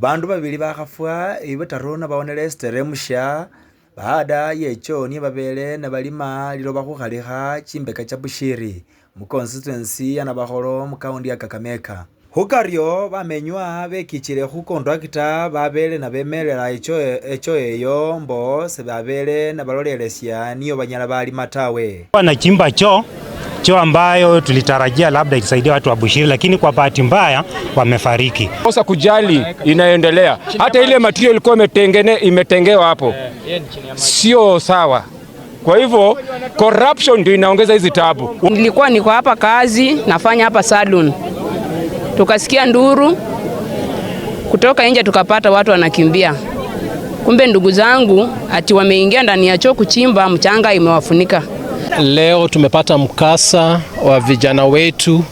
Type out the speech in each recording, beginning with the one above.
bandu babili bakhafwa ibataru nabawonele esitere musha baada yecho niye babele nabalima liloba khukhalikha chimbeka cha bushiri muconstituency ya nabakholo mukaunti ya kakamega khukaryo bamenywa bekichile khukontrakita babele nabemelela echo eyo mbo sebabele nabalolelesya niyo banyala balima tawe chimba cho choo ambayo tulitarajia labda itasaidia watu wa Bushiri, lakini kwa bahati mbaya wamefariki. Kosa kujali inaendelea, hata ile material ilikuwa imetengewa hapo sio sawa. Kwa hivyo corruption ndio inaongeza hizi tabu. Nilikuwa niko hapa kazi nafanya hapa salon, tukasikia nduru kutoka nje, tukapata watu wanakimbia. Kumbe ndugu zangu ati wameingia ndani ya choo kuchimba, mchanga imewafunika. Leo tumepata mkasa wa vijana wetu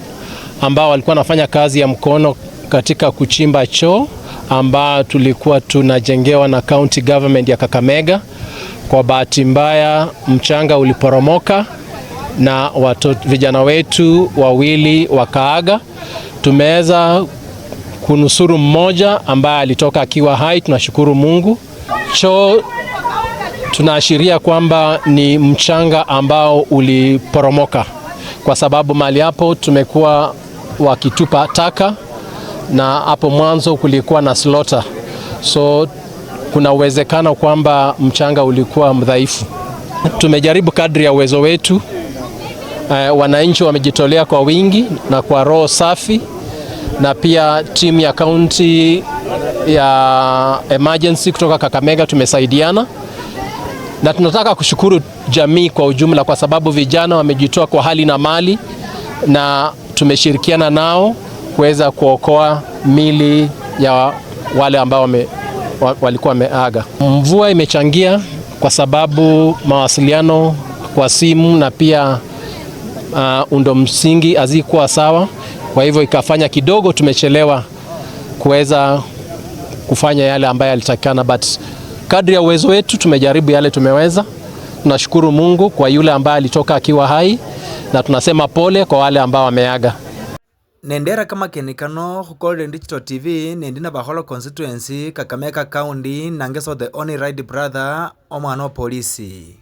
ambao walikuwa wanafanya kazi ya mkono katika kuchimba choo ambao tulikuwa tunajengewa na county government ya Kakamega. Kwa bahati mbaya, mchanga uliporomoka na watoto, vijana wetu wawili wakaaga. Tumeweza kunusuru mmoja ambaye alitoka akiwa hai, tunashukuru Mungu. Choo tunaashiria kwamba ni mchanga ambao uliporomoka, kwa sababu mahali hapo tumekuwa wakitupa taka na hapo mwanzo kulikuwa na slota, so kuna uwezekano kwamba mchanga ulikuwa mdhaifu. Tumejaribu kadri ya uwezo wetu. Eh, wananchi wamejitolea kwa wingi na kwa roho safi, na pia timu ya kaunti ya emergency kutoka Kakamega tumesaidiana na tunataka kushukuru jamii kwa ujumla, kwa sababu vijana wamejitoa kwa hali na mali na tumeshirikiana nao kuweza kuokoa mili ya wale ambao wame, walikuwa wameaga. Mvua imechangia kwa sababu mawasiliano kwa simu na pia uh, undo msingi hazikuwa sawa, kwa hivyo ikafanya kidogo tumechelewa kuweza kufanya yale ambayo yalitakikana but Kadri ya uwezo wetu tumejaribu yale tumeweza. Tunashukuru Mungu kwa yule ambaye alitoka akiwa hai na tunasema pole kwa wale ambao wameaga. Nendera kama kano khu Digital TV nendi na Bakhola constituency Kakamega county ngeso the only right brother omwana wa polisi